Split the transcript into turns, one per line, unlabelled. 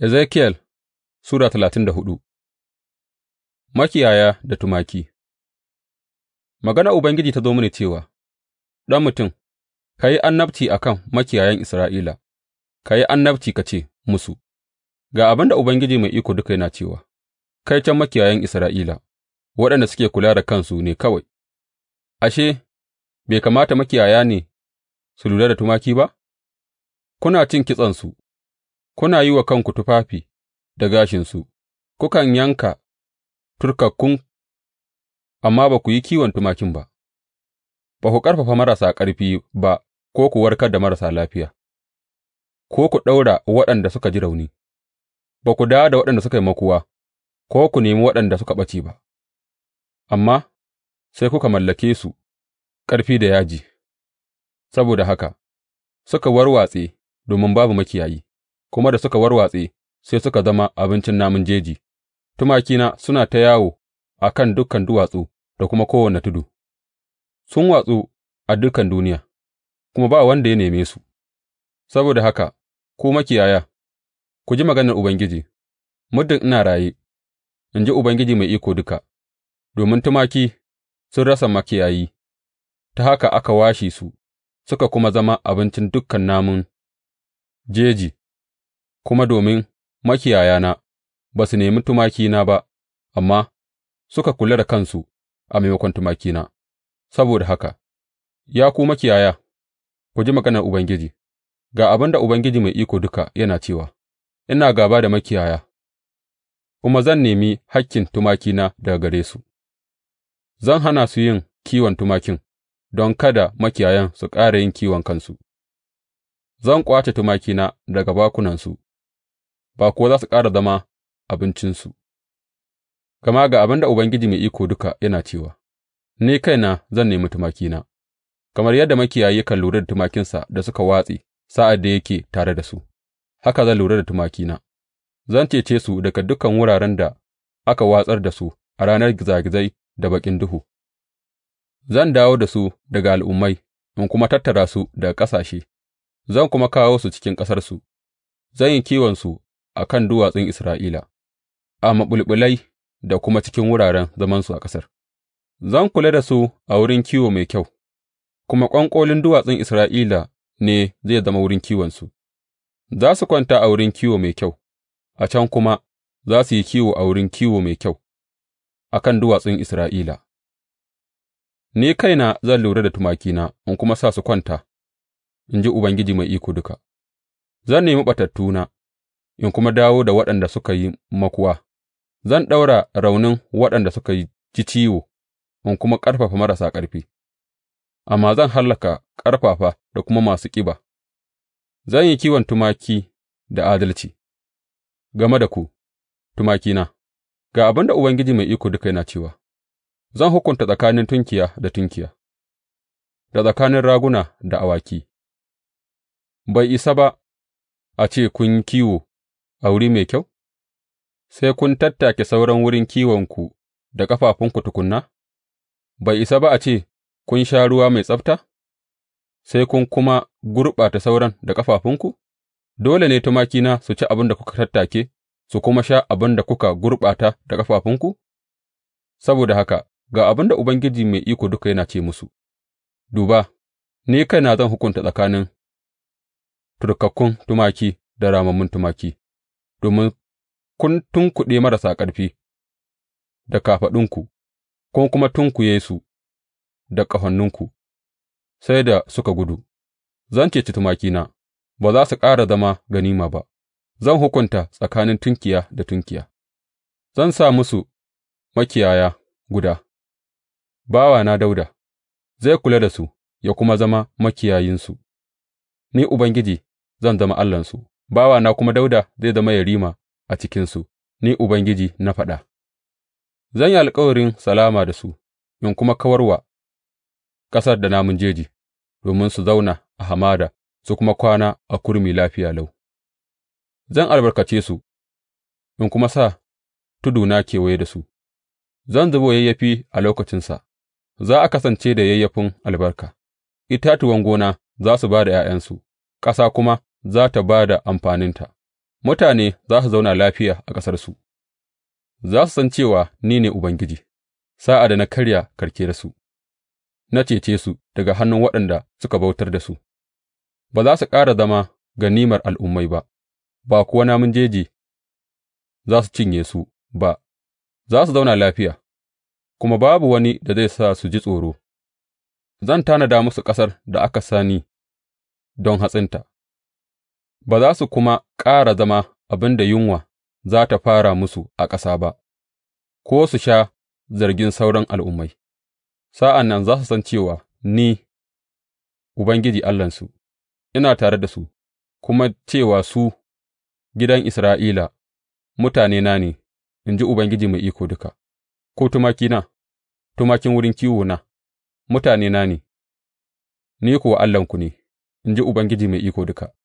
Ezekiel Sura talatin da hudu Makiyaya da tumaki Magana Ubangiji ta zo mini cewa, Ɗan mutum, ka yi annabci a kan makiyayan Isra'ila, ka yi annabci ka ce musu, Ga abin da Ubangiji Mai Iko Duka yana cewa, kai can makiyayan Isra'ila, waɗanda suke kula da kansu ne kawai, ashe, bai kamata makiyaya ne su lura da tumaki ba? Kuna cin su? kuna yi wa kanku tufafi da gashinsu, kukan yanka turkakkun, amma ba ku yi kiwon tumakin ba, ba ku ƙarfafa marasa ƙarfi ba ko ku warkar da marasa lafiya, ko ku ɗaura waɗanda suka ji rauni, ba ku dawo da waɗanda suka yi makuwa, ko ku nemi waɗanda suka ɓace ba, amma sai kuka mallake su ƙarfi da yaji, saboda haka suka warwatse domin babu makiyayi. kuma da suka warwatse sai suka zama abincin namun jeji, tumakina suna ta yawo a kan dukan duwatsu da kuma kowane tudu, sun watsu a dukan duniya, kuma ba wanda ya neme su, saboda haka, ku makiyaya, ku ji maganar Ubangiji, muddin ina raye, in ji Ubangiji mai iko duka, domin tumaki sun rasa makiyayi, ta haka aka washe su, suka kuma zama abincin dukan namun jeji. kuma domin makiyayana ba su nemi tumakina ba, amma suka kula da kansu a maimakon tumakina, saboda haka, ya ku makiyaya, ku ji maganar Ubangiji, ga abin da Ubangiji Mai Iko Duka yana cewa, Ina gaba da makiyaya, kuma zan nemi hakkin tumakina daga gare su, zan hana su yin kiwon tumakin don kada makiyayan su ƙara yin kiwon kansu, zan ƙwace tumakina daga bakunansu. ba kuwa za su ƙara zama abincinsu, gama ga abin da Ubangiji Mai Iko Duka yana cewa, Ni kaina zan nemi tumakina, kamar yadda makiyayi yakan lura da tumakinsa da suka watse sa'ad da yake tare da su, haka zan lura da tumakina, zan cece su daga dukan wuraren da aka watsar da su a ranar gizagizai da baƙin duhu. Zan dawo da su daga al'ummai in kuma tattara su daga ƙasashe, zan kuma kawo su cikin ƙasarsu, zan yi kiwonsu a kan duwatsun Isra'ila, a maɓulɓulai da kuma cikin wuraren zamansu a ƙasar, zan kula da su a wurin kiwo mai kyau, kuma ƙwanƙolin duwatsun Isra'ila ne zai zama wurin kiwonsu, za su kwanta a wurin kiwo mai kyau, a can kuma za su yi kiwo a wurin kiwo mai kyau a kan duwatsun Isra'ila. Ni kaina zan lura da tumakina in kuma sa su kwanta, in ji Ubangiji Mai Iko Duka, zan nemi ɓatattuna. in kuma dawo da waɗanda suka yi makuwa; zan ɗaura raunin waɗanda suka ji ciwo in kuma ƙarfafa marasa ƙarfi, amma zan hallaka ƙarfafa da kuma masu ƙiba; zan yi kiwon tumaki da adalci game da ku, tumakina, ga abin da Ubangiji Mai Iko Duka yana cewa. Zan hukunta tsakanin tunkiya da tunkiya, da tsakanin raguna da awaki, bai isa ba a ce kun yi kiwo a wuri mai kyau, sai kun tattake sauran wurin kiwonku da ƙafafunku tukunna? bai isa ba a ce kun sha ruwa mai tsabta, sai kun kuma gurɓata sauran da ƙafafunku? Dole ne tumakina su ci abin da kuka tattake, su kuma sha abin da kuka gurɓata da ƙafafunku? Saboda haka, ga abin da Ubangiji Mai Iko Duka yana ce musu, Duba, ni kaina zan hukunta tsakanin turkakkun tumaki da ramammun tumaki. domin kun tunkuɗe marasa ƙarfi da kafaɗunku, kun kuma tunkuye su da ƙahoninku, sai da suka gudu, zan ceci tumakina, ba za su ƙara zama ganima ba, zan hukunta tsakanin tunkiya da tunkiya, zan sa musu makiyaya guda, bawana Dauda, zai kula da su ya kuma zama makiyayinsu, ni Ubangiji zan zama Allahnsu. bawana kuma Dawuda zai zama yerima a cikinsu, Ni Ubangiji na faɗa; zan yi alkawarin salama da su in kuma kawar wa ƙasar da namun jeji, domin su zauna a hamada su kuma kwana a kurmi lafiya lau; zan albarkace su in kuma sa tuduna kewaye da su, zan zubo yayyafi a lokacinsa, za a kasance da yayyafin albarka, itatuwan gona za su ba da ’ya'yansu, ƙasa kuma za tă ba da amfaninta, mutane za su zauna lafiya a ƙasarsu, za su san cewa ni ne Ubangiji, sa'ad da na karya su. na cece su daga hannun waɗanda suka bautar da su, ba za su ƙara zama ganimar al'ummai ba, ba kuwa namun jeji za su cinye su ba, za su zauna lafiya, kuma babu wani da zai sa su ji tsoro. Zan tanada musu ƙasar da aka sani don hatsinta. ba za su kuma ƙara zama abin da yunwa za ta fara musu a ƙasa ba, ko su sha zargin sauran al'ummai, sa'an nan za su san cewa ni, Ubangiji Allahnsu, ina tare da su, kuma cewa su, gidan Isra'ila, mutanena ne, in ji Ubangiji Mai Iko Duka, ko tumakina, tumakin wurin kiwona, mutanena ne, ni kuwa Allahnku ne, in ji Ubangiji Mai Iko Duka.